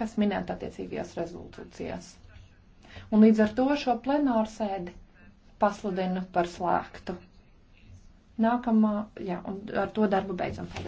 kas minēta attiecīgajās rezolūcijās. Un līdz ar to šo plenāru sēdi pasludinu par slēgtu. Nākamā, jā, un ar to darbu beidzam. Paldies!